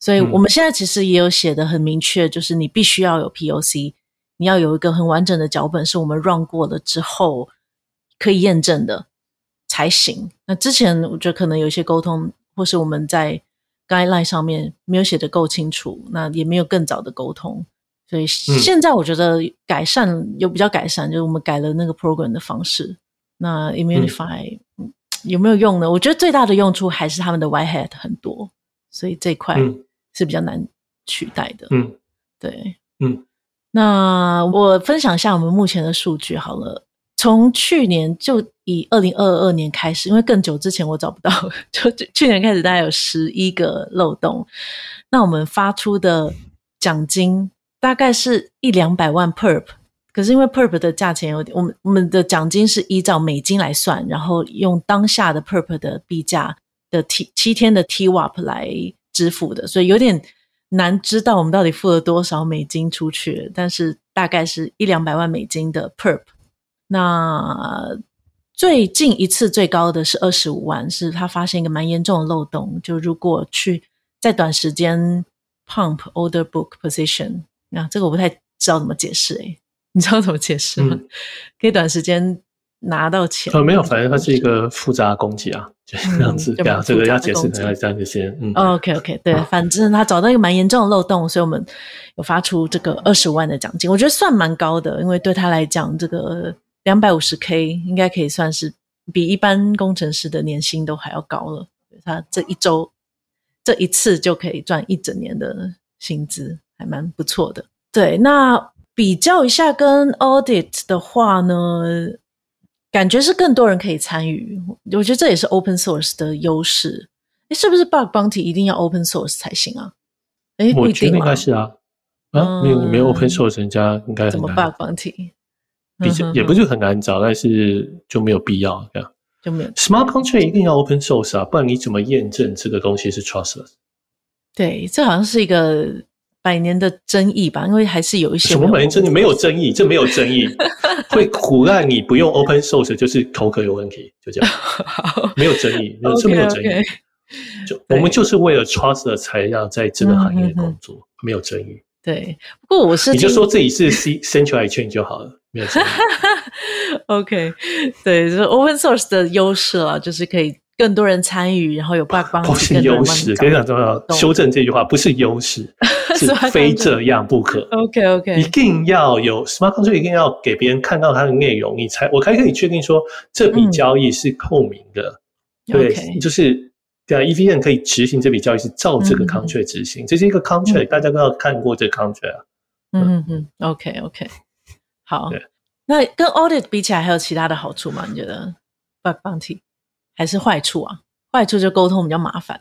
所以我們現在其實也有寫得很明確，就是你必須要有 POC，你要有一個很完整的腳本，是我們 run 過了之後可以驗證的才行。那之前我覺得可能有一些溝通，或是我們在 guideline 上面沒有寫得夠清楚，那也沒有更早的溝通。對，現在我覺得改善、嗯、有比較改善，就是我們改了那個 program 的方式。那 Immunefi、mm、m、嗯嗯、有沒有用呢？我覺得最大的用處還是他們的 white hat 很多，所以這塊是比較難取代的。嗯，對，嗯，那我分享一下我們目前的數據好了。從去年就以二零二二年開始，因為更久之前我找不到，就去年開始大概有十一個漏洞。那我們發出的獎金。大概是一兩百萬 perp，可是因為 perp 的價錢有點，我們我們的獎金是依照美金來算，然後用當下的 perp 的幣價的 T 七天的 TWAP 來支付的，所以有點難知道我們到底付了多少美金出去。但是大概是一兩百萬美金的 perp。那最近一次最高的是二十五萬，是他發現一個蠻嚴重的漏洞，就如果去在短時間 pump order book position。那、啊、這個我不太知道怎麼解釋哎、欸，你知道怎麼解釋嗎？嗯、可以短時間拿到錢？呃、哦，沒有，反正它是一個複雜攻擊啊，就是這樣子。對、嗯、這，這個要解釋，這樣就先嗯、oh，OK OK，對、啊，好反正他找到一個蠻嚴重的漏洞，所以我們有發出這個二十五萬的獎金，我覺得算蠻高的，因為對他來講，這個兩百五十 K 應該可以算是比一般工程師的年薪都還要高了。他這一周這一次就可以賺一整年的薪資。還蠻不錯的，對。那比較一下跟 audit 的話呢，感覺是更多人可以參與。我覺得這也是 open source 的優勢。誒，是不是 bug bounty 一定要 open source 才行啊？哎，不一定嗎？我覺得應該是啊。啊嗯、沒有沒有 open source，人家應該很難。怎麼 bug bounty？比較也不是很難找，嗯、哼哼，但是就沒有必要這樣，就沒有。Smart contract 一定要 open source 啊，不然你怎麼驗證這個東西是 trustless？Us? 對，這好像是一個。百年的爭議吧，因為還是有一些。有什麼百年爭議？沒有爭議，這沒有爭議， 會苦難你不用 open source 就是頭殼有問題，就這樣， 好沒有爭議，這 沒有爭議。 okay, okay 就對我們就是為了 trust 才要在這個行業的工作， 嗯、哼沒有爭議。對，不過我是你就說自己是 centralized chain 就好了，沒有爭議。 OK，對，就是 open source 的優勢啊，就是可以。更多人參與，然後有 Bug Bounty，不是優勢。非常講重要，修正這句話，不是優勢，是非這樣不可。OK，OK，一定要有 smart contract，一定要給別人看到它的內容，你才我才可以確定說這筆交易是透明的。對，就是對啊，EVM 可以執行這筆交易是照這個 contract 執行，這是一個 contract，大家都要看過這 contract 啊。嗯嗯，OK，OK，好。那跟 audit 比起來，還有其他的好處嗎？你覺得？Bug Bounty。還是壞處啊，壞處就溝通比較麻煩。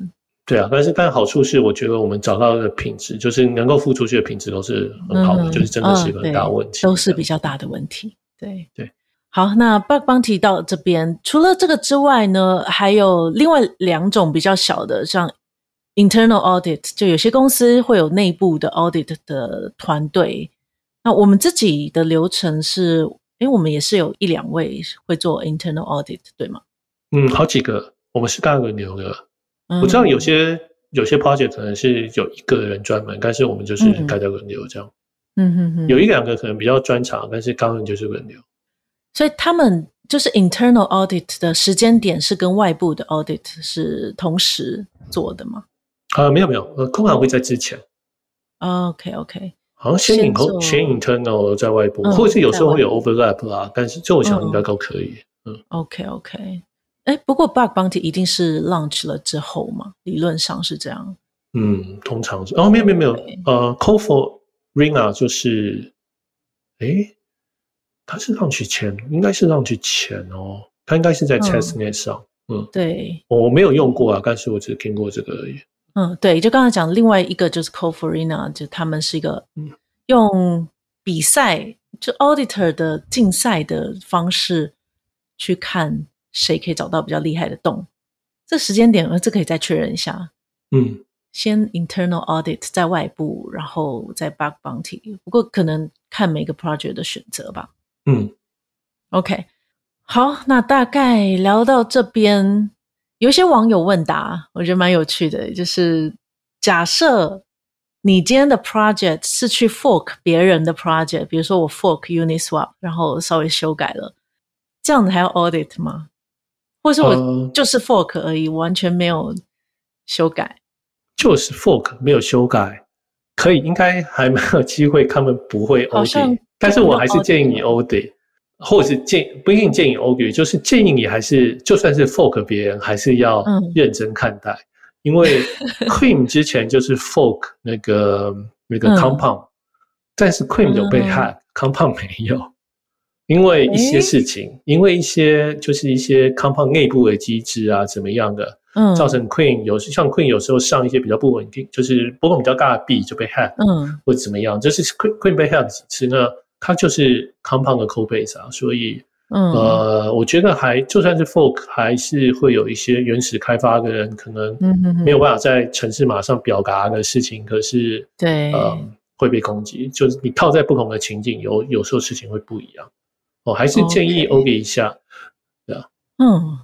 對啊，但是但好處是，我覺得我們找到的品質，就是能夠付出去的品質都是很好的，嗯嗯就是真的是一大問題、嗯嗯，都是比較大的問題。對對，好，那 Back 邦提到這邊，除了這個之外呢，還有另外兩種比較小的，像 Internal Audit，就有些公司會有內部的 Audit 的團隊。那我們自己的流程是，哎、欸，我們也是有一兩位會做 Internal Audit，對嗎？嗯，好幾個，我們是大家輪流的。嗯、我知道有些有些 project 可能是有一個人專門，但是我們就是大家輪流這樣。嗯嗯,嗯,嗯有一兩個可能比較專長，但是剛好就是輪流。所以他們就是 internal audit 的時間點是跟外部的 audit 是同時做的嗎？啊、嗯，沒、呃、有沒有，呃，通常會在之前。哦哦、OK OK，好像、啊、先 internal 先,做先 internal 在外部，嗯、或者是有時候會有 overlap 啦、啊，嗯、但是就我想應該都可以。哦、嗯，OK OK。哎，不過 bug bounty 一定是 launch 了之後嘛？理論上是這樣。嗯，通常是。哦，沒有沒有沒有。對呃，Code4rena 就是，哎，它是 launch 前，應該是 launch 前哦。它應該是在 chessnet 上。嗯，嗯對。我沒有用過啊，但是我只聽過這個而已。嗯，對，就剛才講另外一個就是 Code4rena，就他們是一個用比賽，嗯、就 auditor 的競賽的方式去看。誰可以找到比較厲害的洞？這時間點，呃，這可以再確認一下。嗯，先 internal audit，在外部，然後再 bug bounty。不過可能看每個 project 的選擇吧。嗯，OK，好，那大概聊到這邊，有一些網友問答，我覺得蠻有趣的。就是假設你今天的 project 是去 fork 別人的 project，比如說我 fork Uniswap，然後稍微修改了，這樣子還要 audit 嗎？或是我，就是 fork 而已，嗯、完全沒有修改。就是 fork 沒有修改，可以，應該還沒有機會，他們不會 audit，但是我還是建議你 audit 或者或是建不一定建議 audit 就是建議你還是就算是 fork 別人，還是要認真看待。嗯、因為 Cream 之前就是 fork 那個、嗯、那個 Compound、嗯、但是 Cream 有被駭、嗯、Compound 沒有。因為一些事情，欸、因為一些就是一些 compound 內部的機製啊，怎麼樣的，嗯，造成 Queen 有時像 Queen 有時候上一些比較不穩定，就是波動比較大的幣就被 hack，嗯，會怎麼樣，就是 Queen 被 hack 幾次呢，它就是 compound 的 code base 啊，所以，嗯，呃，我覺得還就算是 fork，還是會有一些原始開發的人可能，嗯沒有辦法在程式碼上表達的事情，嗯嗯、可是，對，嗯，會被攻擊，就是你套在不同的情景，有有時候事情會不一樣。我、哦、還是建議 audit 一下，對啊。嗯，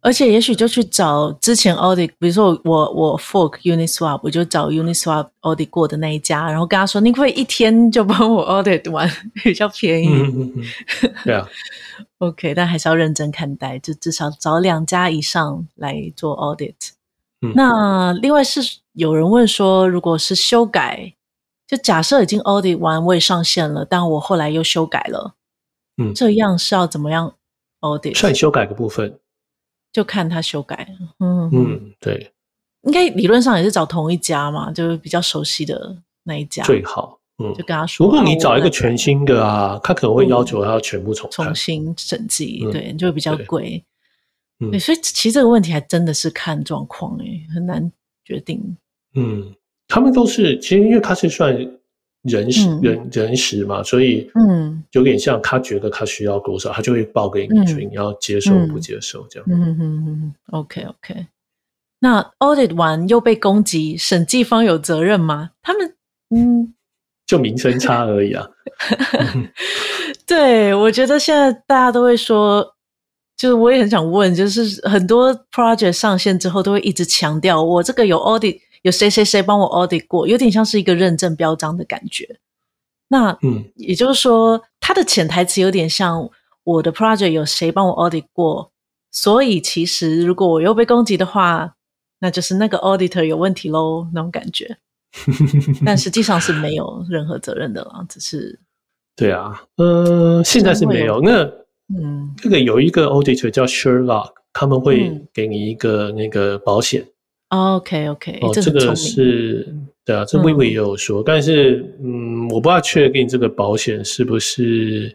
而且也許就去找之前 audit，比如說我我 fork Uniswap，我就找 Uniswap audit 過的那一家，然後跟他說，你可不可以一天就幫我 audit 完，比較便宜？對啊，OK，但還是要認真看待，就至少找兩家以上來做 audit。嗯、那另外是有人問說，如果是修改，就假設已經 audit 完，我也上線了，但我後來又修改了。這樣是要怎麼樣？哦、oh, 是，對，算修改的部分，就看他修改。嗯嗯，對，應該理論上也是找同一家嘛，就是比較熟悉的那一家最好。嗯，就跟他說。如果你找一個全新的啊，他可能會要求他要全部重新重新審計，嗯、對，就會比較貴。嗯，所以其實這個問題還真的是看狀況、欸，哎，很難決定。嗯，他們都是其實因為他是算。人時人、嗯、人時嘛，所以嗯，有點像他覺得他需要多少，他就會報給你，所以你要接受不接受、嗯、這樣。嗯嗯嗯，OK OK，那 audit 完又被攻擊，審計方有責任嗎？他們嗯，就名聲差而已啊。 嗯、對，我覺得現在大家都會說，就是我也很想問，就是很多 project 上線之後都會一直強調我這個有 audit。有誰誰誰幫我 audit 過，有點像是一個認證標章的感覺。那嗯，也就是說，他的潛台詞有點像我的 project 有誰幫我 audit 過，所以其實如果我又被攻擊的話，那就是那個 auditor 有問題嘍，那種感覺。 但實際上是沒有任何責任的啦，只是。對啊，嗯、呃，在現在是沒有。那嗯，這個有一個 auditor 叫 Sherlock，他們會給你一個那個保險。嗯。OK，OK，這個是，對啊，這 wiwi 也有說，嗯、但是，嗯，我不知道確定這個保險是不是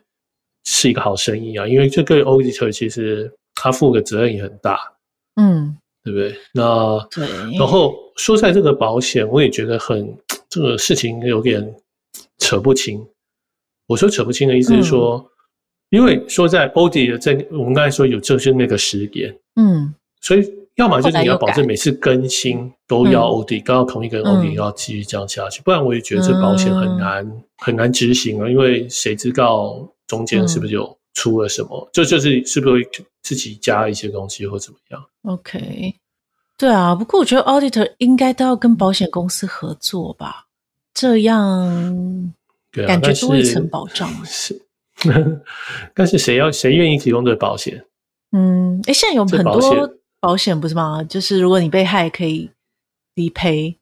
是一個好生意啊，因為這個 auditor 其實他負的責任也很大，嗯，對不對？那對，然後說在這個保險，我也覺得很這個事情有點扯不清。我說扯不清的意思是說，嗯、因為說在 audit 的我們剛才說有就是那個時間，嗯，所以。要麼就是你要保證每次更新都要 audit 剛好同一個 audit 要繼續這樣下去，不然我也覺得這保險很難、嗯、很難執行啊，因為誰知道中間是不是有出了什麼？嗯、就就是是不是會自己加一些東西或怎麼樣？OK，對啊，不過我覺得 auditor 應該都要跟保險公司合作吧，這樣感覺多一層保障、啊、是，但是誰要誰願意提供這保險？嗯，哎，現在有很多。保險不是嗎？就是如果你被駭，可以理賠。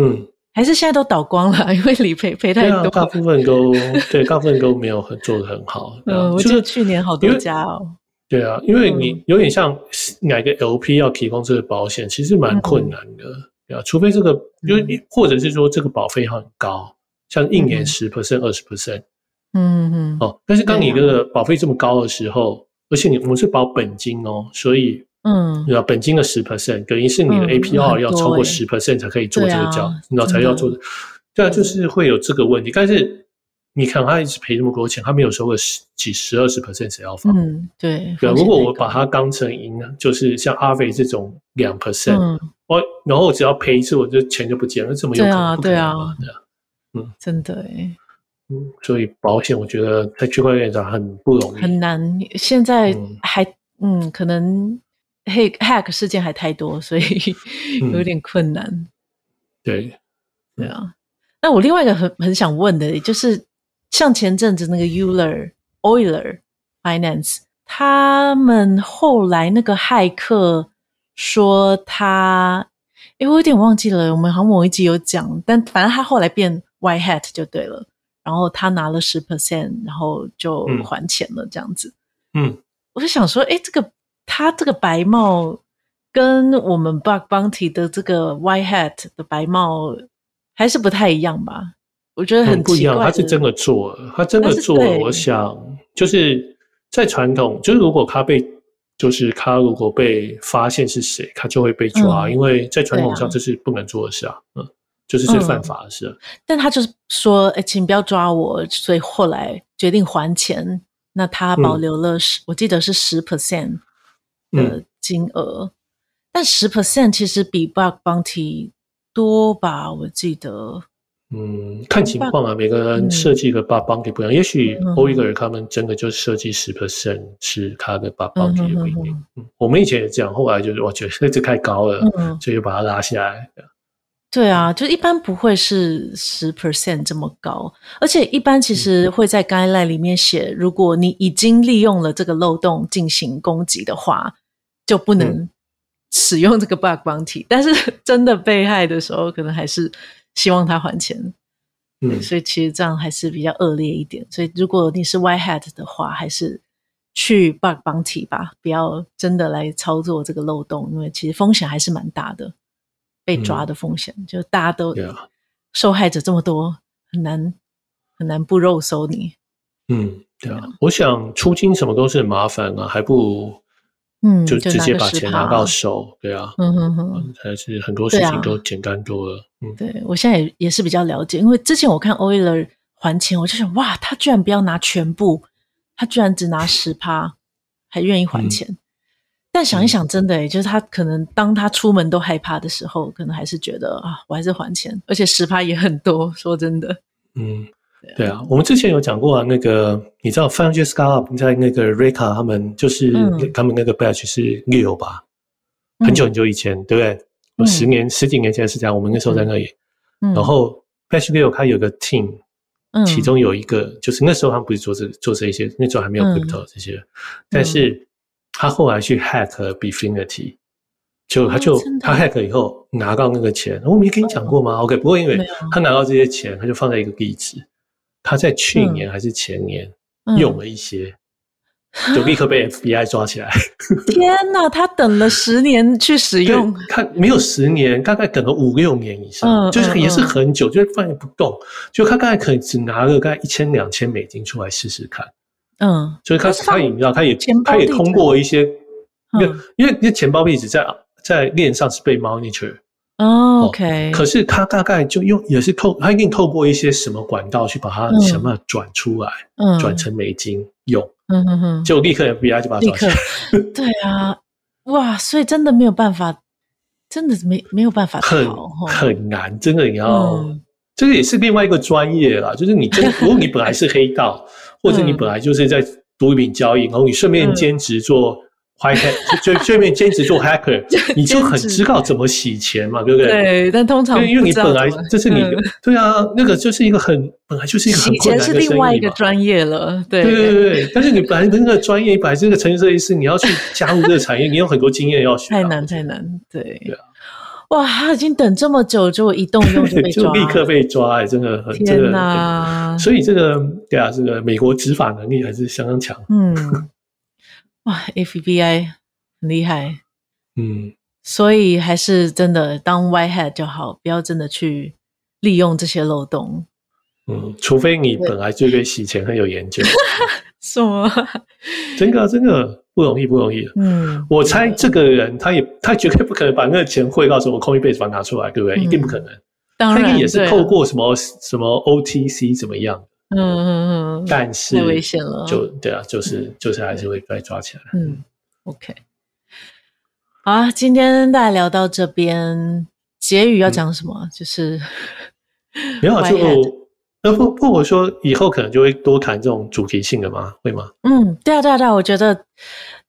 嗯，還是現在都倒光了，因為理賠賠太多。大、啊、部分都 對，大部分都沒有很做得很好。嗯，就是道去年好多家哦。對啊，因為你有點像哪個 LP 要提供這個保險，嗯、其實蠻困難的啊。嗯、除非這個，就或者是說這個保費很高，像一年十 percent、二十 percent。嗯嗯哦。但是當你這個保費這麼高的時候，啊、而且你我們是保本金哦，所以。嗯，本金的十 percent 等於是你的 A P R 要超過十 percent 才可以做這個交，然後才要做。對啊，就是會有這個問題。但是你看，他一直賠這麼多錢，他沒有收過十幾、十、二十 percent 才要放。嗯，對。對，如果我把它當成贏呢，就是像阿偉這種兩 percent，哦，然後我只要賠一次，我就錢就不見了，怎麼有？對啊，對啊，嗯，真的。嗯，所以保險我覺得在區塊鏈上很不容易，很難。現在還嗯，可能。黑 hack 事件還太多，所以有點困難。嗯、對，嗯、對啊。那我另外一個很很想問的，也就是像前陣子那個 Euler Euler、嗯、Finance，他們後來那個駭客說他，哎，我有點忘記了，我們好像某一集有講，但反正他後來變 White Hat 就對了。然後他拿了十 percent，然後就還錢了，嗯、這樣子。嗯，我就想說，哎，這個。他這個白帽跟我們 Bug Bounty 的這個 White Hat 的白帽還是不太一樣吧？我覺得很、嗯、不一樣。他是真的做，了，他真的做。了。我想就是在傳統，就是如果他被，就是他如果被發現是誰，他就會被抓，嗯、因為在傳統上這是不能做的事啊，嗯，啊嗯，就是是犯法的事、啊嗯。但他就是說：“哎、欸，請不要抓我。”所以後來決定還錢。那他保留了十、嗯，我記得是十 percent。的金額，嗯、但十 percent 其實比 bug bounty 多吧？我記得，嗯，看情況啊，嗯、每個人設計的 bug bounty 不一樣。嗯、哼也許歐一個人他們真的就設計十 percent 是他的 bug bounty 也不一定、嗯哼哼哼嗯。我們以前也這樣，後來就是我覺得這太高了，嗯、哼所以就把它拉下來。對啊，就一般不會是十 percent 這麼高，而且一般其實會在 guideline 裡面寫，如果你已經利用了這個漏洞進行攻擊的話，就不能使用這個 bug bounty，嗯。但是真的被害的時候，可能還是希望他還錢。嗯對，所以其實這樣還是比較惡劣一點。所以如果你是 white hat 的話，還是去 bug bounty 吧，不要真的來操作這個漏洞，因為其實風險還是蠻大的。被抓的風險，嗯、就大家都受害者這麼多，啊、很難很難不肉搜你。嗯，對啊，對啊我想出金什麼都是很麻煩啊，嗯、還不如嗯，就直接把錢拿到手。啊對啊，嗯哼哼，還是很多事情都簡單多了。對啊、嗯，對我現在也也是比較了解，因為之前我看 Oiler 還錢，我就想哇，他居然不要拿全部，他居然只拿十趴，還願意還錢。嗯但想一想，真的誒，就是他可能當他出門都害怕的時候，可能還是覺得啊，我還是還錢，而且十趴也很多。說真的，嗯，對啊，我們之前有講過啊那個，你知道 Fangjesscar 在那個 Rica 他們就是他們那個 Batch 是六吧，很久很久以前，對不對？我十年十幾年前是這樣，我們那時候在那裡。然後 Batch 六，他有個 Team，嗯，其中有一個就是那時候他們不是做這做這些，那時候還沒有 Crypto 這些，但是。他後來去 hack Bfinity，就他就他 hack 以後拿到那個錢，我沒跟你講過嗎？OK，不過因為他拿到這些錢，他就放在一個地址，他在去年還是前年用了一些，就立刻被 FBI 抓起來。天哪，他等了十年去使用？他沒有十年，大概等了五六年以上，就是也是很久，就放也不動，就他剛才可能只拿個大概一千兩千美金出來試試看。嗯，所以他他也知道，他也他也通過一些，因為因為錢包地址在在鏈上是被 monitor 哦，OK，可是他大概就用也是透，他一定透過一些什麼管道去把它什麼轉出來，嗯，轉成美金用，嗯嗯嗯，就立刻 FBI 就把它轉出，對啊，哇，所以真的沒有辦法，真的沒沒有辦法，很很難，真的你要，這個也是另外一個專業啦，就是你真如果你本來是黑道。或者你本來就是在毒品交易，嗯、然後你順便兼職做 hacker，、嗯、就順便兼職做 hacker， 職你就很知道怎麼洗錢嘛，對不對？對，但通常因為你本來這是你、嗯、對啊，那個就是一個很、嗯、本來就是一個很困難的生意嘛。洗錢是另外一個專業了，對對對，但是你本來那個專業，你本來這個程序設計師，你要去加入這個產業， 你有很多經驗要學、啊，太難太難，對、對、啊哇，他已經等這麼久，結果一動就被抓了， 就立刻被抓，欸，真的很，天哪真的！所以這個，對啊，這個美國執法能力還是相當強。嗯，哇，FBI 很厲害。嗯，所以還是真的當 White Hat 就好，不要真的去利用這些漏洞。嗯，除非你本來就對洗錢很有研究。對 什麼真、啊？真的，真的。不容易，不容易。嗯，我猜這個人，他也他絕對不可能把那個錢匯到什麼 Coinbase 把它拿出來，對不對？一定不可能。當然，他也是透過什麼什麼 OTC 怎麼樣。嗯嗯嗯。但是太危險了。就對啊，就是就是還是會被抓起來。嗯，OK。好啊，今天大家聊到這邊，結語要講什麼？就是沒有就。不不，我說以後可能就會多談這種主題性的嗎？會嗎？嗯，對啊，對啊，對啊。我覺得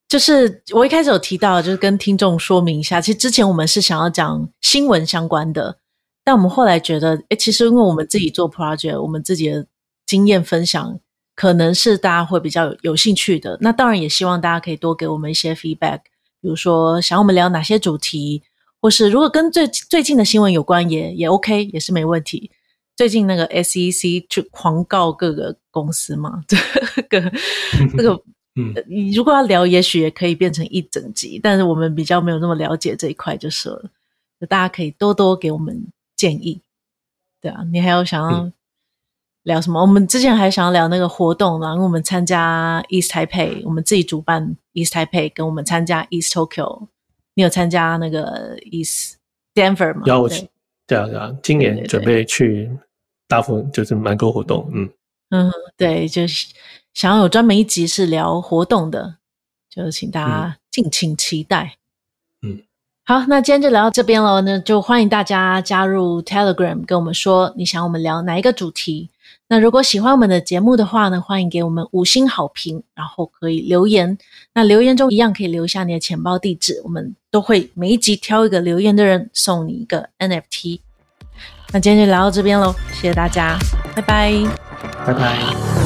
就是我一開始有提到，就是跟聽眾說明一下，其實之前我們是想要講新聞相關的，但我們後來覺得，欸，其實因為我們自己做 project，我們自己的經驗分享，可能是大家會比較有，有興趣的。那當然也希望大家可以多給我們一些 feedback，比如說想要我們聊哪些主題，或是如果跟最最近的新聞有關也，也也 OK，也是沒問題。最近那個 SEC 去狂告各個公司嘛，這個這個，嗯， 如果要聊，也許也可以變成一整集，但是我們比較沒有那麼了解這一塊，就是了。就大家可以多多給我們建議，對啊，你還有想要聊什麼？嗯、我們之前還想要聊那個活動，然後我們參加 East Taipei，我們自己主辦 East Taipei，跟我們參加 East Tokyo，你有參加那個 East Denver 嗎？有我，對啊對啊，今年對對對準備去。大部分就是蠻多活動，嗯嗯，對，就是想要有專門一集是聊活動的，就請大家敬請期待。嗯，好，那今天就聊到這邊嘍。那就歡迎大家加入 Telegram 跟我們說你想我們聊哪一個主題。那如果喜歡我們的節目的話呢，歡迎給我們五星好評，然後可以留言。那留言中一樣可以留下你的錢包地址，我們都會每一集挑一個留言的人送你一個 NFT。那今天就聊到這邊嘍，謝謝大家，拜拜，拜拜。